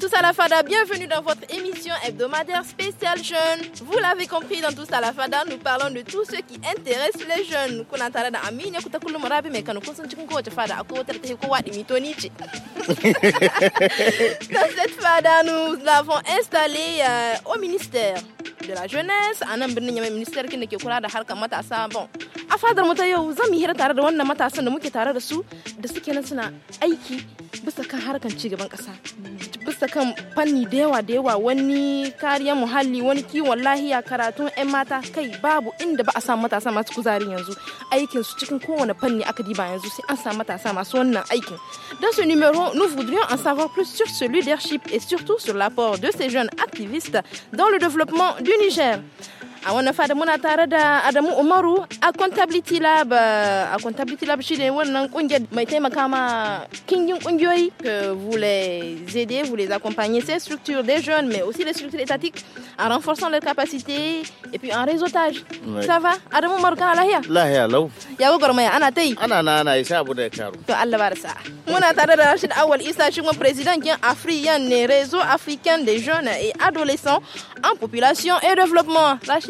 tous à la Fada, bienvenue dans votre émission hebdomadaire spéciale jeunes. Vous l'avez compris, dans tous à la Fada, nous parlons de tout ce qui intéresse les jeunes. Dans cette Fada, nous avons installé euh, au ministère de la jeunesse a fadar mu ta yau zan yi hira tare da wannan matasan da muke tare da su da suke nan suna aiki bisa kan harkan cigaban kasa bisa kan fanni da yawa da yawa wani kariyar muhalli wani kiwon lahiya karatun 'yan mata kai babu inda ba a samu matasa masu kuzari yanzu aikin su cikin kowane fanni aka diba yanzu sai an sa matasa masu wannan aikin dans ce numéro nous voudrions en savoir plus sur ce leadership et surtout sur l'apport de ces jeunes activistes dans le développement du Niger ah, a wannan fada muna tare da Adamu Umaru euh, a Contability Lab a Contability Lab shine wannan kungiyar mai taimaka ma kingin kungiyoyi que vous les aider vous les accompagner ces structures des jeunes mais aussi les structures étatiques en renforçant leurs capacités et puis en réseautage oui. ça va Adamu Umaru kana lahiya lahiya law ya gogor mai ana tai ana na ana isa abu da karu to Allah bar sa muna tare da Rashid Awal Isa shi kuma président kin Afriyan ne réseau africain des jeunes et adolescents en population et développement Rashid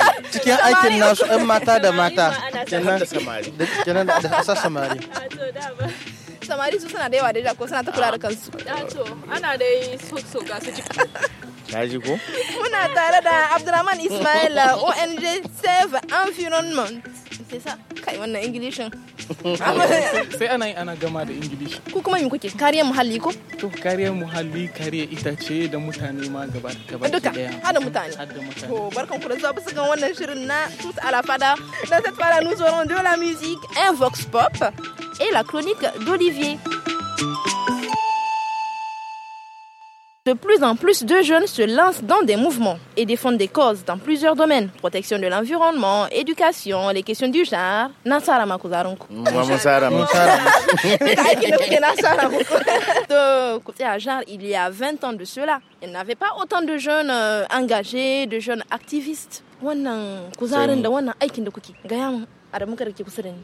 cikin aikin nasu yan mata da mata kenan da asa samari ah, samari su suna da yawa da ko suna ta kula da kansu ah, ah, to ana da yi so ga su ciki ji ko muna tare da Abdulrahman Ismail ONG Save Environment sai sa kai wannan ingilishin sai ana yi ana gama da ingilishi ku kuma yin kuke kariyar muhalli ko to kariyar muhalli kariyar itace da mutane ma gaba gaba duka hada mutane hada mutane to barkan ku da zuwa bisa kan wannan shirin na tous à la fada dans cette fada nous aurons de la musique un vox pop et la chronique d'Olivier de plus en plus de jeunes se lancent dans des mouvements et défendent des causes dans plusieurs domaines protection de l'environnement, éducation, les questions du genre. Nasarama Côté à genre, il y a 20 ans de cela, il n'y avait pas autant de jeunes euh, engagés, de jeunes activistes. Adamu muka rike kusa da ni.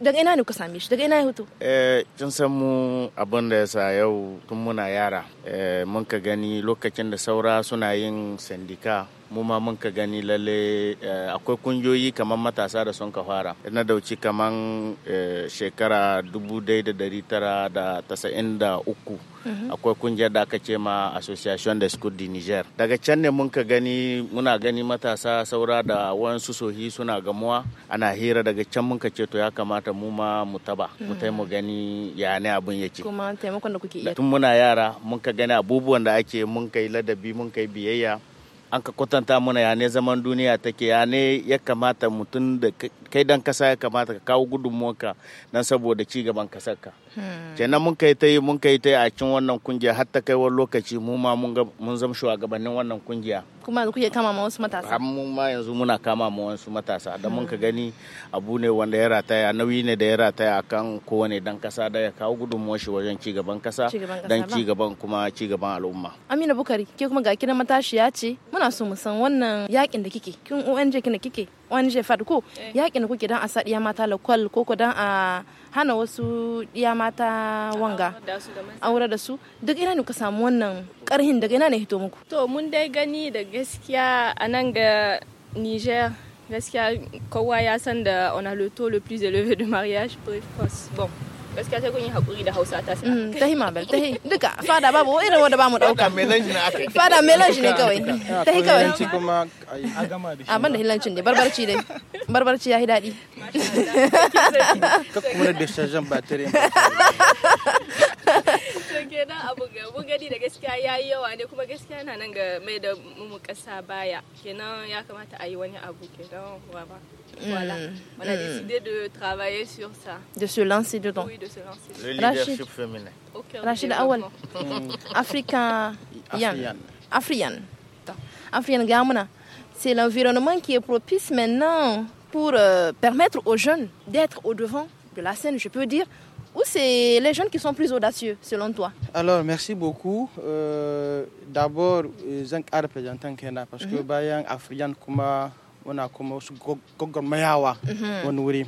Daga ina ne ku same shi? Daga ina ya hoto? Eh, kin san mu abin da yasa yau tun muna yara. Eh, mun ka gani lokacin da saura suna yin sandika mu ma mun ka gani lalle eh, akwai kungiyoyi kamar matasa da sun ka fara na dauci kamar eh, shekara 1993 mhm. akwai kungiyar da aka ce ma association de school di niger daga can ne mun ka gani muna gani matasa saura da wasu sohi suna gamuwa ana hira daga can mun ka ce to ya kamata mu ma mu taba mu tai mu mhm. gani ya ne abun yake kuma taimakon da kuke iya tun muna yara mun ka gani abubuwan da ake mun kai ladabi mun kai biyayya an ka kwatanta mana ya ne zaman duniya take ya ne ya kamata mutum da kai dan kasa ya kamata ka kawo gudunmuwarka dan saboda ci gaban ka. Hmm. kenan mun kai ta yi mun kai ta yi a cikin wannan kungiya har ta kai wani lokaci mu ma mun zama shugabannin wannan kungiya kuma yanzu kuke kama ma wasu matasa har mu ma yanzu muna kama ma wasu matasa da mun ka hmm. gani abu ne wanda ya rataya nauyi ne da ya rataya kan kowane dan kasa da ya kawo gudunmuwar shi wajen ci gaban kasa dan ci gaban kuma ci gaban al'umma Amina Bukari ke kuma ga kina matashiya ce muna so mu san wannan yakin da kike kin ONG kina kike wani jefar ko eh. yakin da kuke don a sa ɗiya mata lakwal ko ku don a hana wasu ɗiya mata wanga aure da su duk ina ne ka samu wannan karhin daga ina ne hito muku to mun dai gani da gaskiya a nan ga niger gaskiya kowa ya san da on a le taux le plus élevé de mariage précoce bon gaskiya sai kun yi hakuri da hausa ta sa mm, ta hima bel ta duka fada babu irin wanda bamu dauka melange ne akai fada melange ne kawai ta hi kawai ci kuma a gama da shi abin da hilancin ne barbarci dai barbarci yayi dadi ka kuma da shajan batare to kenan abu mun gani da gaskiya ya yi yawa ne kuma gaskiya na nan ga mai da mu kasa baya kenan ya kamata a yi wani abu kenan ba Voilà. Mm, On a mm. décidé de travailler sur ça. De se lancer dedans. Oui, de se lancer. Le leadership Rachid. féminin. Okay, Rachid Awal. Africain. Afrian. Afrian. Afrian Gamana. C'est l'environnement qui est propice maintenant pour euh, permettre aux jeunes d'être au devant de la scène, je peux dire, ou c'est les jeunes qui sont plus audacieux, selon toi Alors, merci beaucoup. Euh, D'abord, je qui Kenya parce que mhm. bayan Afriyan kuma on a commencé gwagwarmayawa wani mhm. wuri.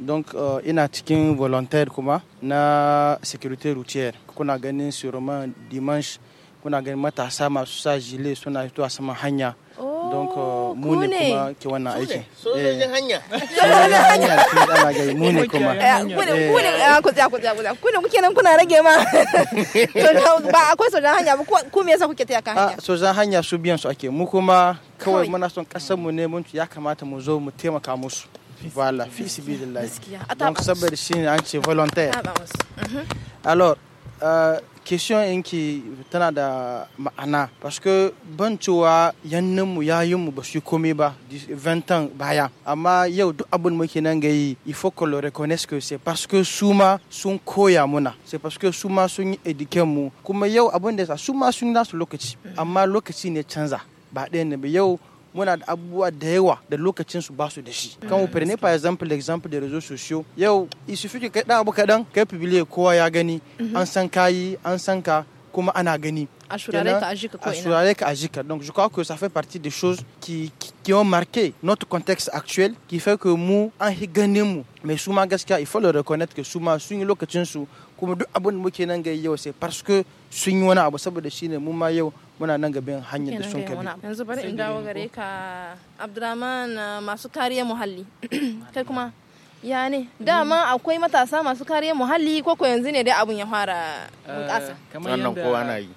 donc euh, ina un volontaire kuma na sécurité routière gagné gagné sûrement dimanche On a gagné masu sa gilet suna fito a saman hanya don ko oh, mu ne kuma ke wannan aiki sojojin eh. hanya sojojin hanya mu ne kuma eh, ku ne ku eh. ah, tsaya ku ku ne kuke nan rage ma ba akwai sojojin hanya ba ku me yasa kuke taya kan hanya ah, sojojin hanya su biyan su ake mu kuma kawai muna son kasar mu ne mun ya kamata mu zo mu taimaka musu wala fi sibilillahi donc saboda ne an ce volontaire mhm. alors Eh, question yanki tana da ma'ana parce que ban cewa yanninmu yayinmu ba su komai ba 20 ans baya amma yau duk abin muke nan ga yi il faut qu'on le reconnaisse que c'est parce que su ma sun koya muna c'est parce que su ma sun yi ediken mu kuma yau abin da su ma sun nasu lokaci amma lokaci ne canza ba ɗaya ne ba yau muna da abubuwa da yawa da lokacin su ba su da shi mm. kan ku prenez par exemple l'exemple des réseaux sociaux yau il suffit que kai dan abu kadan kai publie kowa ya gani mm-hmm. an san kayi an san ka kuma ana gani à Ajika. Donc je crois que ça fait partie des choses qui, qui, qui ont marqué notre contexte actuel, qui fait que nous, en gagnons. Mais Souma Gaska, il faut le reconnaître que Souma, Souma Lokachinsu, comme deux abonnés, c'est parce que Souma, c'est parce que Souma, muna nan gabin hanyar da sun kabi yanzu bari in dawo gare ka abdurrahman uh, masu kariya muhalli kai kuma ya ne dama akwai matasa masu kariya muhalli ko ko yanzu ne dai abun ya fara bunƙasa eh, kamar yadda kowa na yi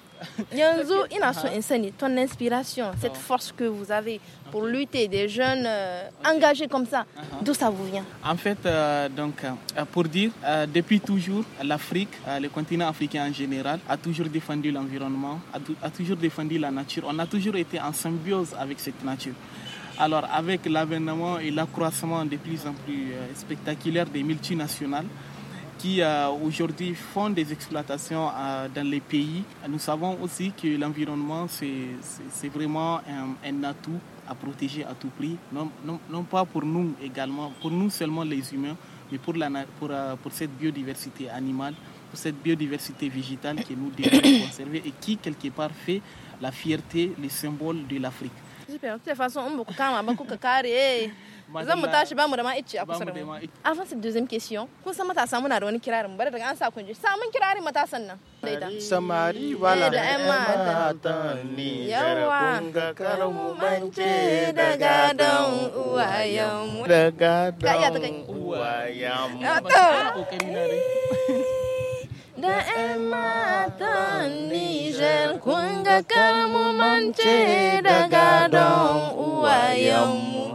yanzu ina a son ah ah. ton inspiration cette force que vous avez pour lutter des jeunes euh, engagés comme ça ah d'où ça vous vient en fait euh, donc euh, pour dire depuis toujours l'Afrique le continent africain en général a toujours défendu l'environnement a toujours défendu la nature on a toujours été en symbiose avec cette nature alors avec l'avènement et l'accroissement de plus en plus spectaculaire des multinationales qui euh, aujourd'hui font des exploitations euh, dans les pays. Nous savons aussi que l'environnement, c'est vraiment un, atout à protéger à tout prix, non, pas pour nous également, pour nous seulement les humains, mais pour, la, pour, euh, pour cette biodiversité animale, pour cette biodiversité végétale que nous devons conserver et qui, quelque part, fait la fierté, le symbole de l'Afrique. façon, zan mu tashi ba mu da ma icce a kusa da mu fasa cette deuxième siyo, kun san matasa muna da wani kirarin bari daga an sa kun ji samun kirarin matasan nan samari wala da ema ta ni yawa ga karamu mance daga dan uwayen daga dan uwayen da yan ta Nijar kun ga karmu mance daga don uwayenmu.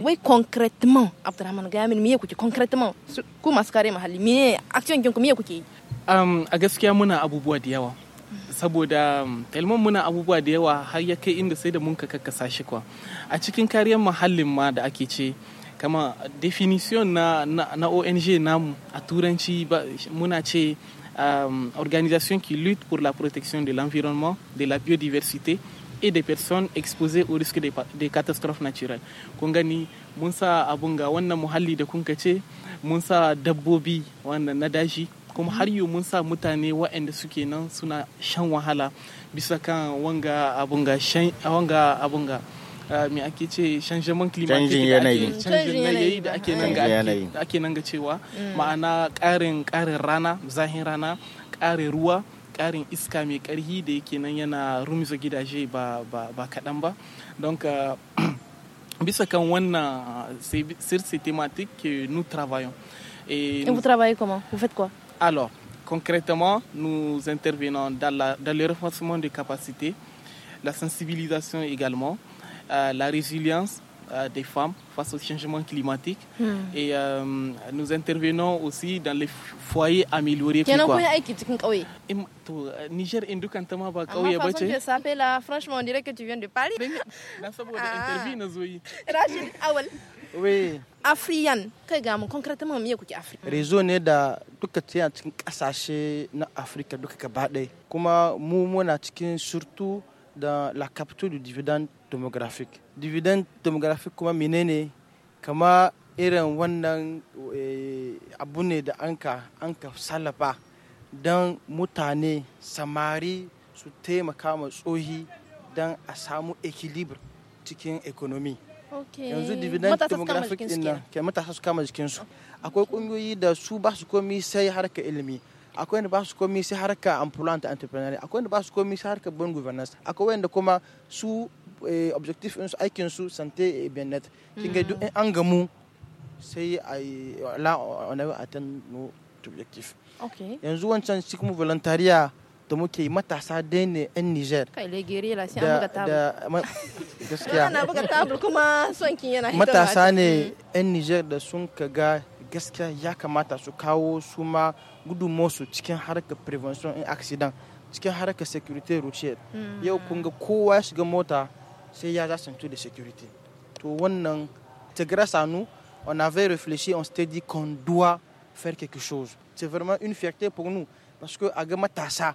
wai concrètement abdurrahman ga min miye ci concrètement ku maskare kare mahalli miye action kinku miye kuke um a gaskiya muna abubuwa da yawa saboda telman muna abubuwa da yawa har ya kai inda sai da mun ka kakkasa shi kwa a cikin kariyar muhallin ma da ake ce kama definition na, na, na ong namu a turanci muna ce um, euh, organisation qui lutte pour la protection de l'environnement de la biodiversité et des personnes exposées au risque des catastrophes naturelles kun gani mun sa abun ga wannan muhalli da kun ce mun sa dabbobi wannan na daji kuma har yau mun sa mutane waɗanda suke nan suna shan wahala bisa kan wanga abun ga wanga abun ga ah, me ake ce canjamin climatic yanayi canjin yanayi da ake nan ga ake nan ga cewa mm. ma'ana ƙarin ƙarin rana zahin rana ƙarin ruwa karin iska mai karhi da yake nan yana gidaje ba ba Donc, euh, kan wannan euh, sur ces thématiques que nous travaillons et, vous travaillez comment vous faites quoi alors concrètement nous intervenons dans, le renforcement des capacités la sensibilisation également euh, la résilience euh, des femmes face au changement climatique. Hmm. Et euh, nous intervenons aussi dans les foyers améliorés. Euh, Niger franchement, on dirait que tu viens de Paris. Ben, ah. Oui. Afriyan, kai ga concrètement me kuke Afrika? raison, ne que tout ce qui est en Afrique est gaba ɗaya. Kuma mu muna cikin dans la capture du dividende démographique. Dividende démographique, comme menene kama irin wannan eh, abu ne da anka anka sallafa dan mutane samari su taimaka ma tsohi don a samu equilibre cikin economy yanzu dividend demographic din nan ke matasa su kama jikinsu akwai kungiyoyi da su ba su komi sai harka ilimi akwai wanda ba su komi sai harka ambulant entrepreneurial akwai wanda ba su komi sai harka bon governance akwai wanda kuma su eh, objective su aikin su sante e benet kin ga duk an gamu sai a la on a atteint nos objectifs yanzu wancan shi kuma volontariat da muke yi matasa dai ne 'yan Niger. Kai legere la sai an buga tabul. Gaskiya. Ana buga tabul kuma son kin yana hitarwa. Matasa ne 'yan Niger da sun kaga gaskiya ya kamata su kawo su ma gudunmuwarsu cikin harkar prevention in accident cikin harkar security routier hmm. yau kun ga kowa ya shiga mota sai ya zasantu da security to wannan grâce à nous on avait réfléchi on s'était dit qu'on doit faire quelque chose c'est vraiment une fierté pour nous parce que à ça.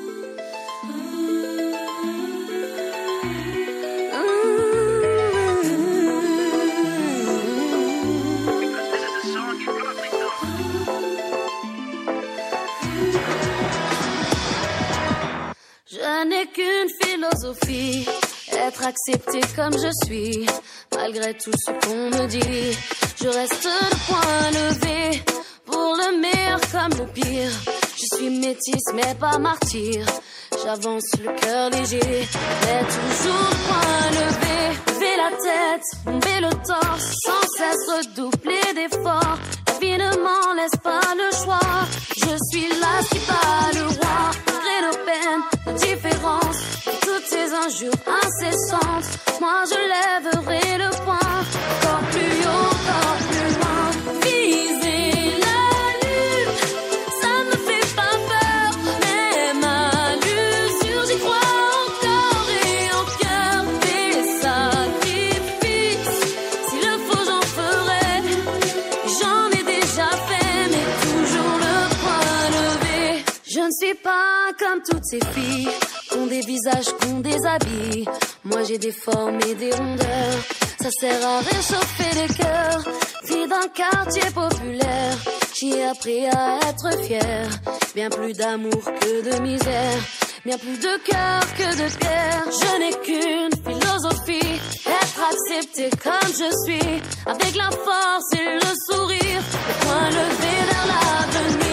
Sophie, Être accepté comme je suis, malgré tout ce qu'on me dit. Je reste le point levé, pour le meilleur comme le pire. Je suis métisse mais pas martyr. J'avance le cœur léger, mais toujours point levé. Lever la tête, bomber le torse, sans cesse redoubler d'efforts. Finalement, laisse pas le choix. Je suis là, si pas le roi nos peine, nos différence, toutes ces injures incessantes. Moi je lèverai le poing, encore plus haut, encore pas comme toutes ces filles ont des visages des habits Moi j'ai des formes et des rondeurs. Ça sert à réchauffer les cœurs. Fille d'un quartier populaire, j'ai appris à être fière. Bien plus d'amour que de misère. Bien plus de cœur que de pierre. Je n'ai qu'une philosophie. Être accepté comme je suis. Avec la force et le sourire. Le point levé vers l'avenir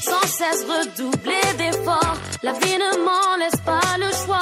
sans cesse redoubler d'efforts. La vie ne m'en laisse pas le choix.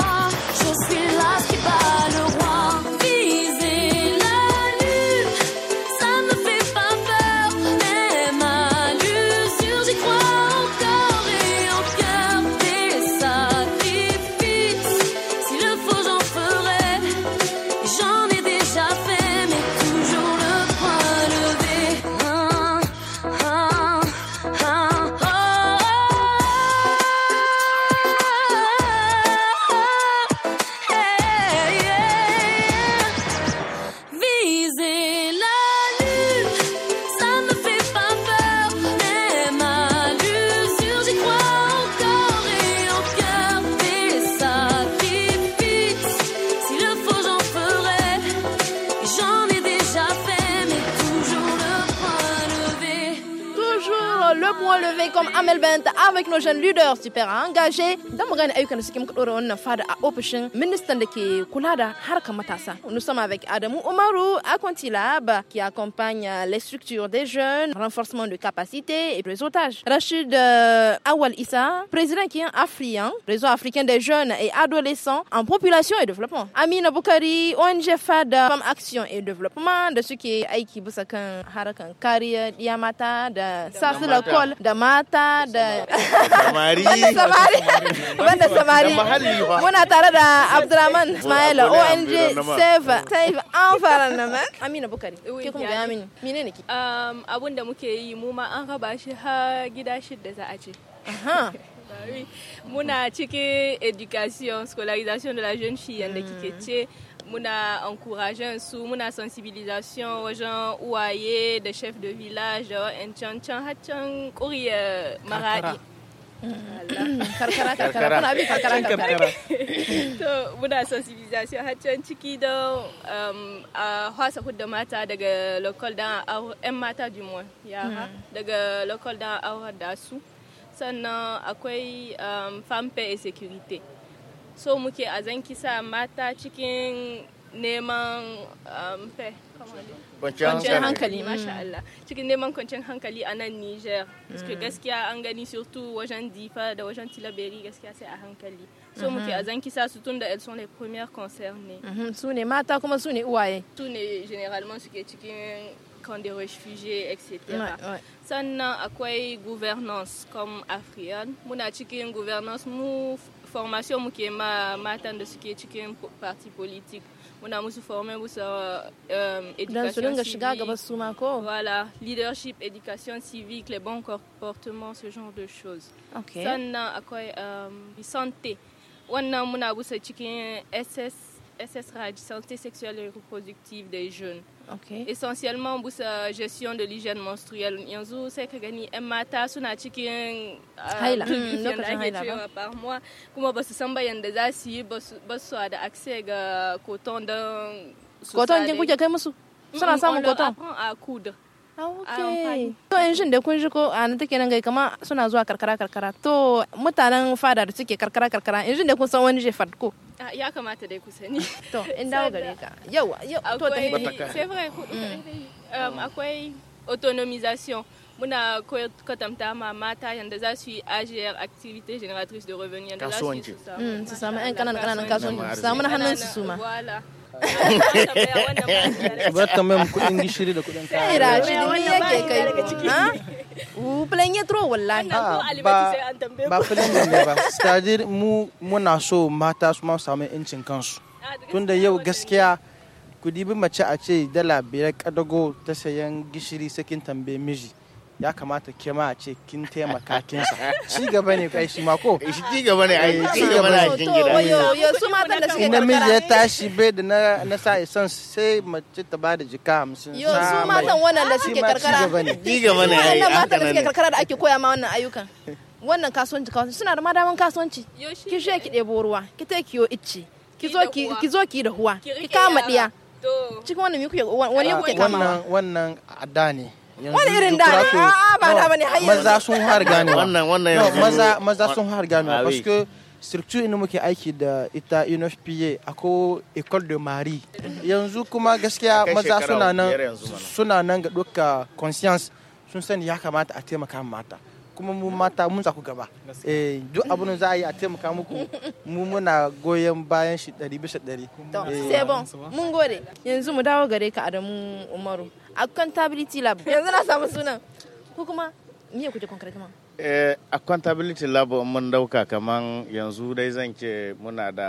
nos jeunes leaders super engagés dans wannan fada a matasa. Nous sommes avec Adamu Omaru à Quantilab qui accompagne les structures des jeunes, renforcement de capacités et réseautage. Rachid euh, Awal Issa, président qui est africain, réseau africain des jeunes et adolescents en population et développement. Amina Boukari, ONG FAD, comme Action et Développement, de ce qui est aiki harakan kariya yamata da sasila l'école, da mata de banda samari muna tare da ong save save amina bukari mine ne ki um, muke yi mu ma an raba shi har za a muna education scolarisation de la jeune fille yadda kike mm. ce muna sensibilisation su muna sensibilisation wajen uwaye chef de village can har Hmm. karkara karkara kuna bi karkara karkara muna sensibilisation can ciki don um, uh, a mata daga local yan mata jumuwa yara hmm. daga local awar da su sannan akwai um, famfe e security so muke a mata cikin neman fe kwanciyar hankali mm. masha Allah cikin neman kwanciyar hankali a nan Niger suke mm. gaskiya an gani surtout wajen Difa da wajen Tilaberi gaskiya sai a hankali so mm-hmm. muke a zanki sa su tun da elles sont les premières concernées mm-hmm. su ne mata kuma su ne uwaye su ne généralement suke cikin camp des réfugiés etc sannan akwai gouvernance comme Afrian muna cikin gouvernance mu formation muke ma matan da suke cikin parti politique a musu formé pour Don su shiga Voilà, leadership, éducation civique, les bons comportements, ce genre de choses. Okay. Sannan akwai euh, euh, santé. Wannan muna busa cikin SS, SS santé sexuelle et reproductive des jeunes. Okay. Essentiellement la euh, gestion de da lijen menstruel yanzu sai ka gani 'yan mata suna cikin euh, haila ake cewa farmuwa kuma ba su san bayan da za su ba su da akse ga koton don su koton kin kuke kai musu hmm, suna samun koton a kudur Okay. To yanzu da kun a nan take kama suna zuwa karkara des to mutanen fada da suke karkara karkara yanzu da wani jefar ko ya kamata dai ku sani to in dawo gare ka yau yau to ta C'est vrai mm. akwai euh, autonomisation muna quand kwatanta ma mata yadda za su yi ajiyar activité génératrice de revenus. yadda za su yi su samu yan kananan kananan kasuwanci su samu na hannun su su ma Bata mai kudin gishiri da kudin kaya. Ira shi ni yake kai. U ya tro wallahi. Ba ba plan ne ba. Stadir mu muna so mata su ma samu incin kansu. Ah, Tunda yau gaskiya kudi bi mace a ce dala biyar kadago ta sayan gishiri sakin tambaye miji. ya kamata ke ma a ce kin taimaka kin sa ci gaba ne kai shi ma ko eh, shi ci gaba ne ai ci gaba ne kin gida yo Yo! su matan da suke karkara namiji ya tashi bai da na na sa isan sai mace ta bada jika 50 yo su matan wannan da suke karkara ci gaba ne ai wannan matan da suke karkara da ake koya ma wannan ayyukan wannan kasuwanci kasuwanci suna da madaman kasuwanci ki she ki debo ruwa ki ta kiyo icci ki zo ki ki zo ki da huwa ki kama diya cikin wannan mi kuke wani kuke kama wannan wannan adani ne wani irin da ne a ba na bane maza sun har gane wannan wannan yanzu maza maza sun har gane parce que structure ne muke aiki da ita UNFPA ko école de Marie yanzu kuma gaskiya maza suna nan suna nan ga duka conscience sun sani ya kamata a taimaka mata kuma mu mata mun tsaku gaba eh duk abin za a yi a taimaka muku mu muna goyon bayan shi ɗari bisa ɗari. sai bon mun gode yanzu mu dawo gare ka adamu umaru accountability lab yanzu na samu sunan ko kuma me kuke concretement eh, accountability lab mun dauka kaman yanzu dai zan ce muna da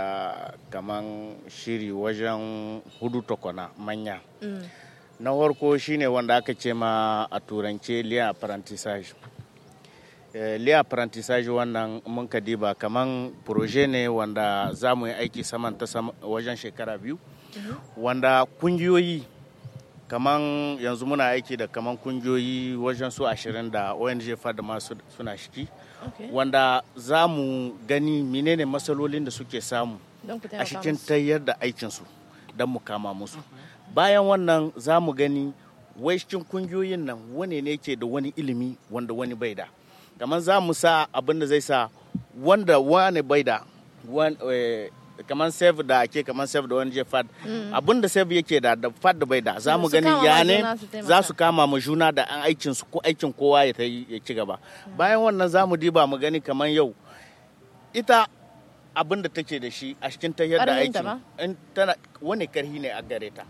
kaman shiri wajen hudu tokona manya mm. na farko shine wanda aka ce ma a turance liya apprentissage Eh, le apprentissage wannan mun ka diba kaman projet ne wanda za mu yi aiki saman ta wajen shekara biyu mhm. wanda kungiyoyi kaman yanzu muna aiki da kaman kungiyoyi wajen su ashirin da ong fadama suna shiki wanda za mu gani menene matsalolin da suke samu a cikin tayyar da aikinsu don mu kama musu mhm. bayan wannan za mu gani wai cikin kungiyoyin nan wane ne ke da wani ilimi wanda wani bai da kamar za mu sa abin da zai sa wanda wani bai da eh, kamar save da ake kamar save da wani je fad mm. abin da save yake da da fad da bai da za mu gani ya ne za su kama mu juna da an aikin su ko aikin kowa ya ta ya ci gaba mm. bayan wannan za mu diba mu gani kamar yau ita abin da take da shi a cikin ta yadda aikin in tana wani karhi ne a gare ta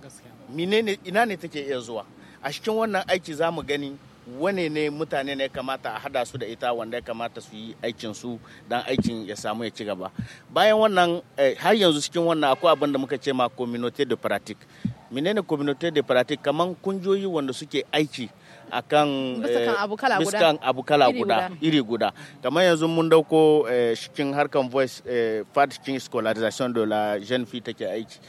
menene ina ne take iya zuwa a cikin wannan aiki za mu gani wane ne mutane ne kamata a hada su da ita wanda ya kamata su yi aikin su dan aikin ya samu ya ci gaba bayan wannan eh, har yanzu cikin wannan akwai abin da muka ce ma communauté de pratique menene communauté de pratique kaman kunjoyi wanda suke aiki akan biskan eh, abu kala guda iri guda kamar yanzu mun dauko eh, cikin harkan voice fat cikin scholarization de la jeune fille take aiki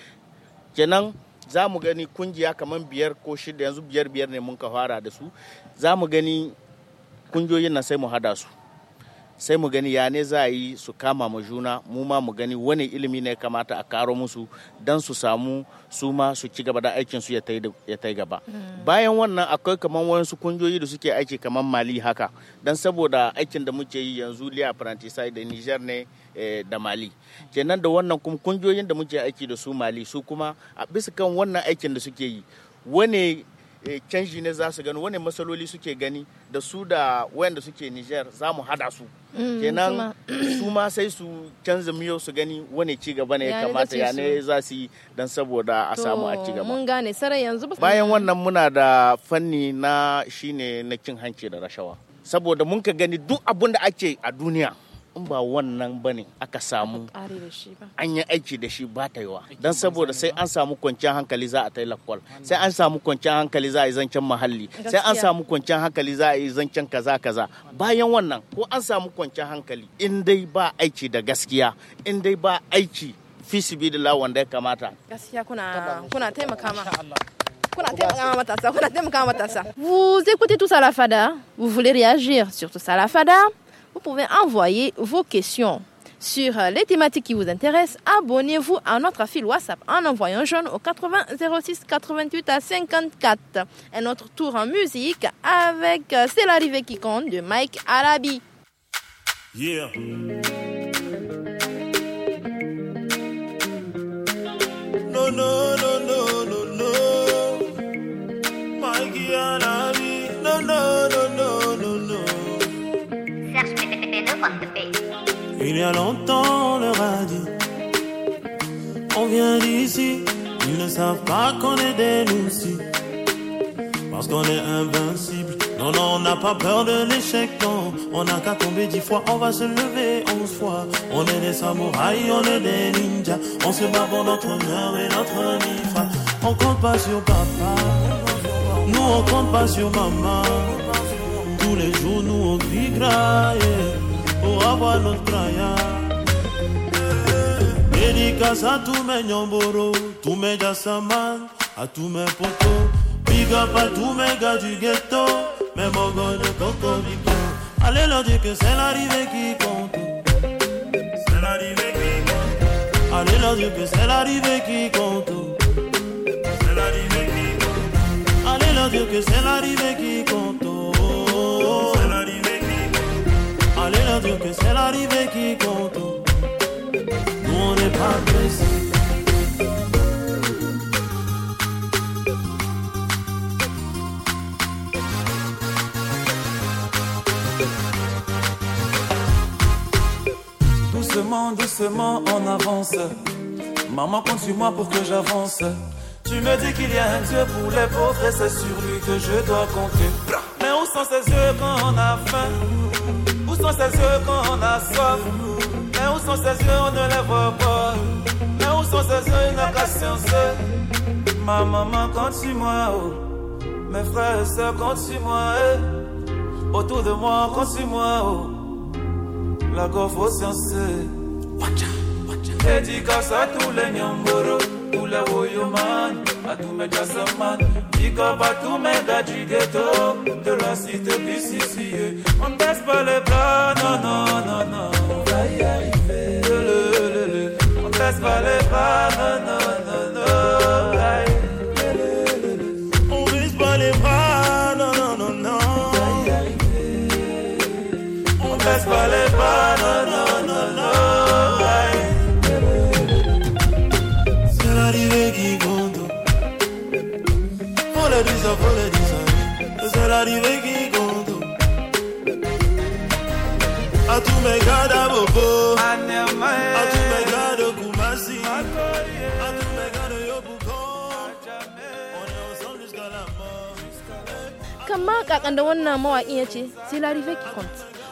kenan za mu gani kungiya kamar biyar ko shida yanzu biyar biyar ne mun ka fara da su za mu gani kungiyoyin na sai mu hada su sai mu gani ya ne za a yi su kama mu juna mu ma mu gani wani ilimi ne kamata a karo musu don su samu su ma su ci gaba da aikin su ya tai gaba mm. bayan wannan akwai kamar su kungiyoyi da suke aiki kamar mali haka don saboda aikin da muke yi yanzu liya apprentissage da niger ne eh, da mali kenan da wannan kuma kungiyoyin da muke aiki da su mali su kuma a bisa kan wannan aikin da suke yi wani Eh, canji ne za su gani wani masaloli suke gani da su da wayanda suke Nijar za mu hada su mm, kenan su ma sai su canza miyo su gani wani ci gaba ne kamata ya ne za su yi don saboda a samu a ci gaba bayan wannan muna da fanni na shine na cin hanci da rashawa saboda mun ka gani duk abin da ake a duniya in ba wannan ne aka samu an yi aiki da shi ba ta yiwa don saboda sai an samu kwanciyar hankali za a ta lakwal sai an samu kwanciyar hankali za a yi zancen muhalli sai an samu kwanciyar hankali za a yi zancen kaza kaza bayan wannan ko an samu kwanciyar hankali in dai ba aiki da gaskiya in dai ba aiki fi da wanda ya kamata gaskiya kuna kuna taimaka ma Vous écoutez tous à la FADA, vous voulez réagir sur tout ça à la FADA, vous pouvez envoyer vos questions sur euh, les thématiques qui vous intéressent. Abonnez-vous à notre fil WhatsApp en envoyant jaune au 80 06 88 à 54. Un autre tour en musique avec euh, C'est l'arrivée qui compte de Mike Arabi. Yeah. non, non. Il y a longtemps, on leur a dit On vient d'ici, ils ne savent pas qu'on est des Parce qu'on est invincible. Non, non, on n'a pas peur de l'échec, non. On n'a qu'à tomber dix fois, on va se lever onze fois. On est des samouraïs, on est des ninjas. On se bat pour notre honneur et notre livre. On compte pas sur papa. Nous, on compte pas sur maman. Tous les jours, nous, on vit grâce pour avoir notre Dedikasa tume nyomboro, tume jasaman, atume poto Big up à tous mes gars du ghetto, mes mogos de Cocorico Allez leur dire que c'est l'arrivée qui compte C'est l'arrivée qui compte Allez leur dire que c'est l'arrivée qui compte C'est l'arrivée qui compte Allez leur dire que c'est l'arrivée qui compte C'est l'arrivée qui compte Allez leur dire que c'est l'arrivée qui compte Doucement, doucement, on avance. Maman compte sur moi pour que j'avance. Tu me dis qu'il y a un Dieu pour les pauvres et c'est sur lui que je dois compter. Mais où sont ces yeux quand on a faim Où sont ses yeux quand on a soif sont ses yeux, on ne les voit pas. Mais où sont ses yeux, il n'a qu'à sciencer. Ma maman, compte sur moi, oh. Mes frères et sœurs, comptent sur moi, eh. Autour de moi, compte sur moi, oh. La gorge au sciencer. Dédicace à tous les Nyamboro, tous les Woyoman, à tous mes Jassaman, big up à tous mes gars du ghetto, de la cité du ici. On ne baisse pas les bras, non, non, non, non. Aïe, aïe fallait pas, non, non, non, On pas les bras, On pas les non, non, qui tous mes gars d'abord. kakan da wannan mawaƙin ce sai larife ki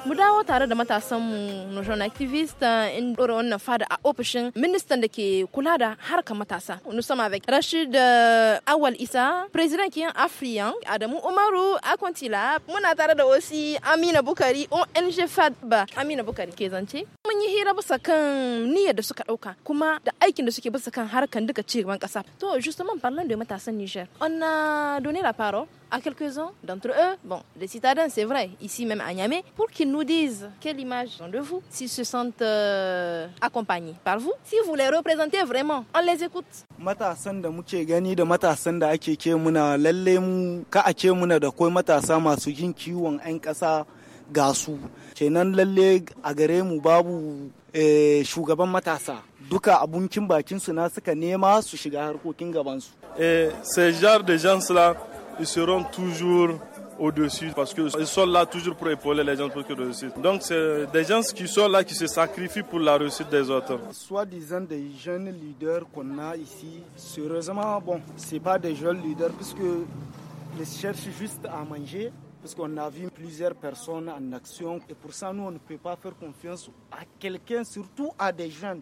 mu dawo tare da matasanmu na shon activist eh, in ɗora wannan fada a ofishin ministan da ke kula da harkar matasa nusama rashid eh, awal isa president kiyan afriyan adamu umaru akwantila muna tare da wasu amina bukari ong fadba amina bukari ke zance mun yi hira bisa kan niyyar da suka ɗauka kuma da aikin da suke bisa kan harkar duka cigaban ƙasa to justement parlant de matasan niger on a donné la parole à quelques-uns d'entre eux, bon, les citadins, c'est vrai, ici même à Niamey, pour qu'ils nous disent quelle image ont de vous, s'ils se sentent euh, accompagnés par vous, si vous les représentez vraiment, on les écoute. matasan da muke gani da matasan da ake ke muna lalle mu ka ake muna da koi matasa masu yin kiwon 'yan ƙasa ga su kenan lalle a gare mu babu eh, shugaban matasa duka abunkin bakin su na suka nema su shiga harkokin su Eh, ces genre de gens là ils seront toujours au-dessus parce qu'ils sont là toujours pour épauler les gens pour qu'ils réussissent. Donc c'est des gens qui sont là qui se sacrifient pour la réussite des autres. Soi-disant des jeunes leaders qu'on a ici, sérieusement, bon, c'est pas des jeunes leaders puisque les cherchent juste à manger. Parce qu'on a vu plusieurs personnes en action. Et pour ça, nous, on ne peut pas faire confiance à quelqu'un, surtout à des jeunes.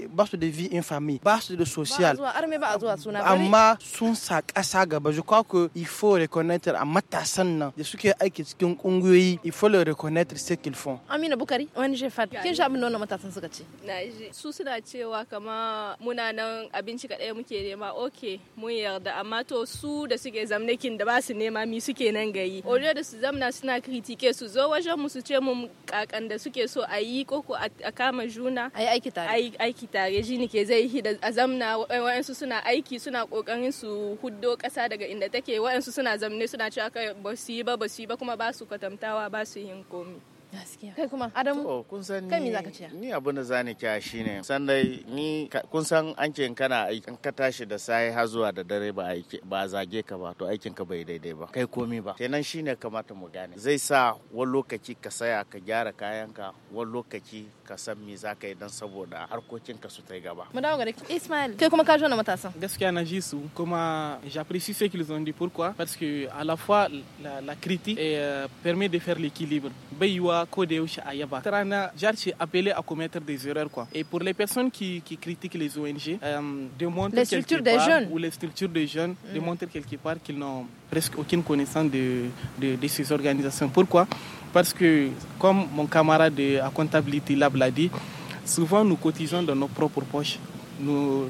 basse de vie vi in family ba social amma sun sa ƙasa gaba je crois que il faut reconnaître a matasan nan da suke aiki cikin kungiyoyi il faut le reconnaître ce qu'ils font Amina Bukari ONG fat kin sha abin da matasan suka ce na ji su suna cewa kama muna nan abinci kadai muke nema okay mun yarda amma to su da suke zamnakin da ba su nema mi suke nan gayi ole da su zamna suna kritike su zo wajen mu su ce mu kakan da suke so a yi koko a kama juna a aiki tare tare shi ke zai yi da azamna wayansu suna aiki suna kokarin su huddo kasa daga inda take wayansu suna zamne suna cewa ba su yi ba ba su yi ba kuma ba su kwatantawa ba su yin komi kai kuma adamu to kun san ni zaka ce ni abin da zani kiya shine san dai ni kun san an ce in kana aiki in ka tashi da sai har zuwa da dare ba aiki ba zage ka ba to aikin ka bai daidai ba kai komi ba kenan shine kamata mu gane zai sa wani lokaci ka saya ka gyara kayanka wani lokaci ka san me zaka yi dan saboda harkokin ka su tai gaba mu dawo gare Ismail kai kuma ka jona matasa gaskiya na ji su kuma j'apprécie ce qu'ils ont dit pourquoi parce que à la fois la, la critique et, euh, permet de faire l'équilibre Je suis appelé à commettre des erreurs quoi et pour les personnes qui, critiquent les ONG euh, démontrent les structures des jeunes ou les structures des jeunes mm. quelque part qu'ils n'ont presque aucune connaissance de, de, ces organisations pourquoi parce que comme mon camarade à comptabilité lab l'a dit souvent nous cotisons dans nos propres poches nous,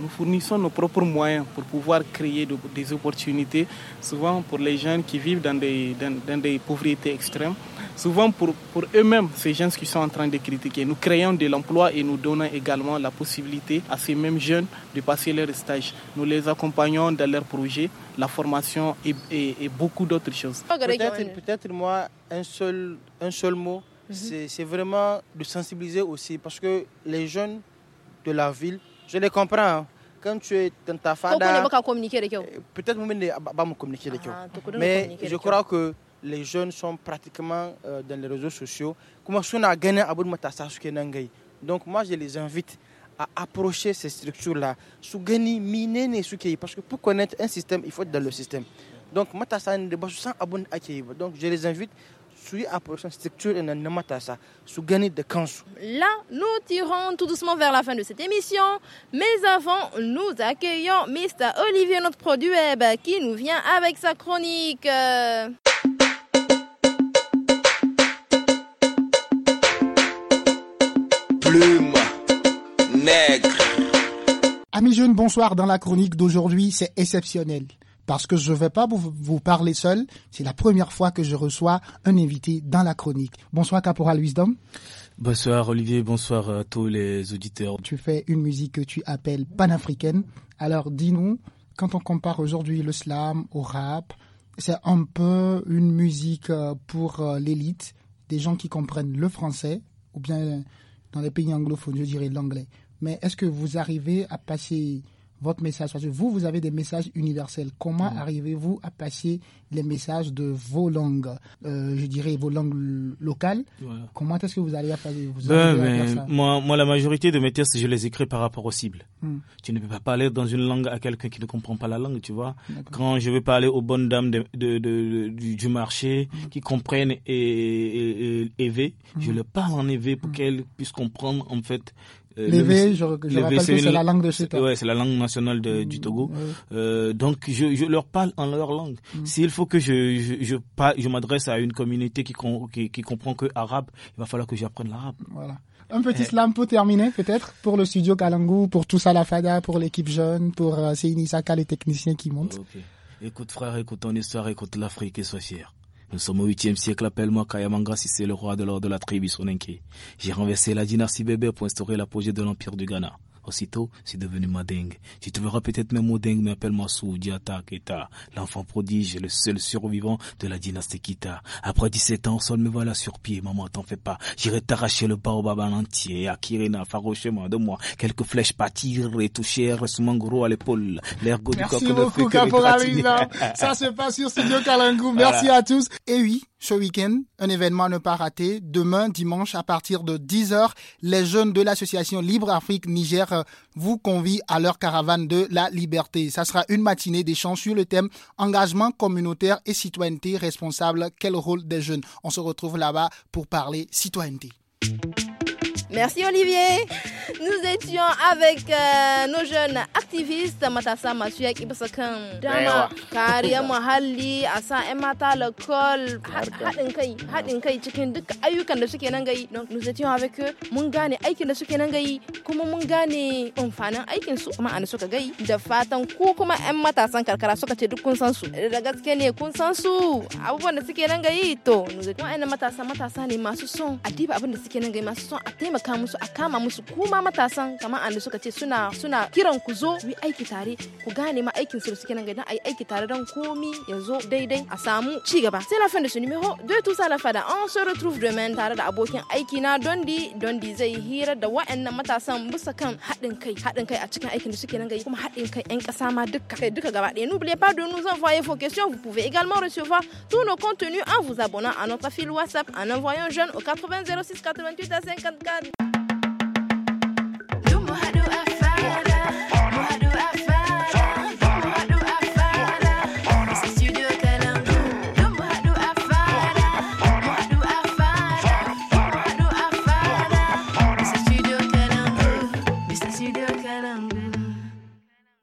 nous, fournissons nos propres moyens pour pouvoir créer des opportunités, souvent pour les jeunes qui vivent dans des, dans, des pauvretés extrêmes, souvent pour, pour eux-mêmes, ces jeunes qui sont en train de critiquer. Nous créons de l'emploi et nous donnons également la possibilité à ces mêmes jeunes de passer leur stage. Nous les accompagnons dans leurs projets, la formation et, beaucoup d'autres choses. Oh, peut-être moi, un seul, un seul mot, mhm. c'est vraiment de sensibiliser aussi, parce que les jeunes de la ville. Je les comprends. Hein. Quand tu es dans ta fada, euh, peut-être vais pas me communiquer ah, Mais je crois que les jeunes sont pratiquement euh, dans les réseaux sociaux. Donc moi, je les invite à approcher ces structures-là. Parce que pour connaître un système, il faut être dans le système. Donc, donc je les invite Là, nous tirons tout doucement vers la fin de cette émission, mais avant, nous accueillons Mr. Olivier, notre produit web, qui nous vient avec sa chronique. Plume nègre. Amis jeunes, bonsoir. Dans la chronique d'aujourd'hui, c'est exceptionnel parce que je ne vais pas vous, parler seul. C'est la première fois que je reçois un invité dans la chronique. Bonsoir Caporal Wisdom. Bonsoir Olivier, bonsoir à tous les auditeurs. Tu fais une musique que tu appelles panafricaine. Alors dis-nous, quand on compare aujourd'hui le slam au rap, c'est un peu une musique euh, pour euh, l'élite, des gens qui comprennent le français ou bien euh, dans les pays anglophones, je dirais l'anglais. Mais est-ce que vous arrivez à passer votre message Parce que vous, vous avez des messages universels. Comment mm. arrivez-vous à passer les messages de vos langues, euh, je dirais vos langues locales Comment est-ce que vous allez ben, à faire, ben, moi, moi, la majorité de mes textes, je les écris par rapport aux cibles. Mm. Tu ne peux pas parler dans une langue à quelqu'un qui ne comprend pas la langue, tu vois. Quand je veux parler aux bonnes dames de, du marché mm. qui comprennent et, et, je le parle en EV pour qu'elles puissent comprendre en fait euh, Levé, je, je rappelle que c'est la langue de pays. Ouais, c'est la langue nationale du mm, Togo. Euh, donc, je, je, leur parle en leur langue. Mm. S'il faut que je, je, je, je m'adresse à une communauté qui, qui, comprend que arabe, il va falloir que j'apprenne l'arabe. Voilà. Un petit eh. slam pour terminer, peut-être, pour le studio Kalangu, pour tout la Fada, pour l'équipe jeune, pour euh, Saka, les techniciens qui montent. Écoute, frère, écoute ton histoire, écoute l'Afrique et sois fier. Nous sommes au 8e siècle, appelle-moi Kayamanga si c'est le roi de l'ordre de la tribu Sonenke. J'ai renversé la dynastie bébé pour instaurer l'apogée de l'empire du Ghana. Aussitôt, c'est devenu ma dingue. Tu te verras peut-être même dengue, mais appelle-moi Soudiata Keta, l'enfant prodige, le seul survivant de la dynastie Kita. Après 17 ans seul, me voilà sur pied. Maman, t'en fais pas. J'irai t'arracher le baobab en entier. Akirina moi de moi. Quelques flèches pâtir et toucher mangro à l'épaule. L'ergot du coq de feu Ça se passe sur Studio Merci à tous. Et oui, ce week-end, un événement à ne pas rater. Demain, dimanche, à partir de 10h, les jeunes de l'association Libre Afrique Niger euh, vous convient à leur caravane de la liberté. Ça sera une matinée d'échange sur le thème engagement communautaire et citoyenneté responsable. Quel rôle des jeunes On se retrouve là-bas pour parler citoyenneté. Merci Olivier. Nous étions avec euh, nos jeunes activistes Matassa, masu yaki bisa kan dama kariyar muhalli a Emata, 'yan mata lakol haɗin kai Hadin kai cikin duk ayyukan da suke nan nous étions avec eux mun gane aikin da suke nan gayi kuma mun gane amfanin aikin su ma'ana suka gayi da fatan ku kuma ƴan matasan karkara suka ce duk kun san su da gaske ne kun san su abubuwan da suke nan to nous étions avec matasa ne masu son a diba abin da suke nan masu son a taimaka musu a kama musu kuma matasan kamar anda suka ce suna suna kiran ku zo ku yi aiki tare ku gane ma aikin su suke nan ga dan ayi aiki tare dan komi ya zo daidai a samu ci gaba sai la fin de ce numéro 2 tout ça la fada on se retrouve demain tare da abokin aiki na dondi dondi zai hira da wa'annan matasan bisa kan hadin kai hadin kai a cikin aikin da suke nan ga kuma hadin kai yan ƙasa ma duka kai eh, duka gaba ɗaya n'oubliez pas de nous envoyer vos questions vous pouvez également recevoir tous nos contenus en vous abonnant à notre fil WhatsApp en envoyant jeune au 80 06 88 à 54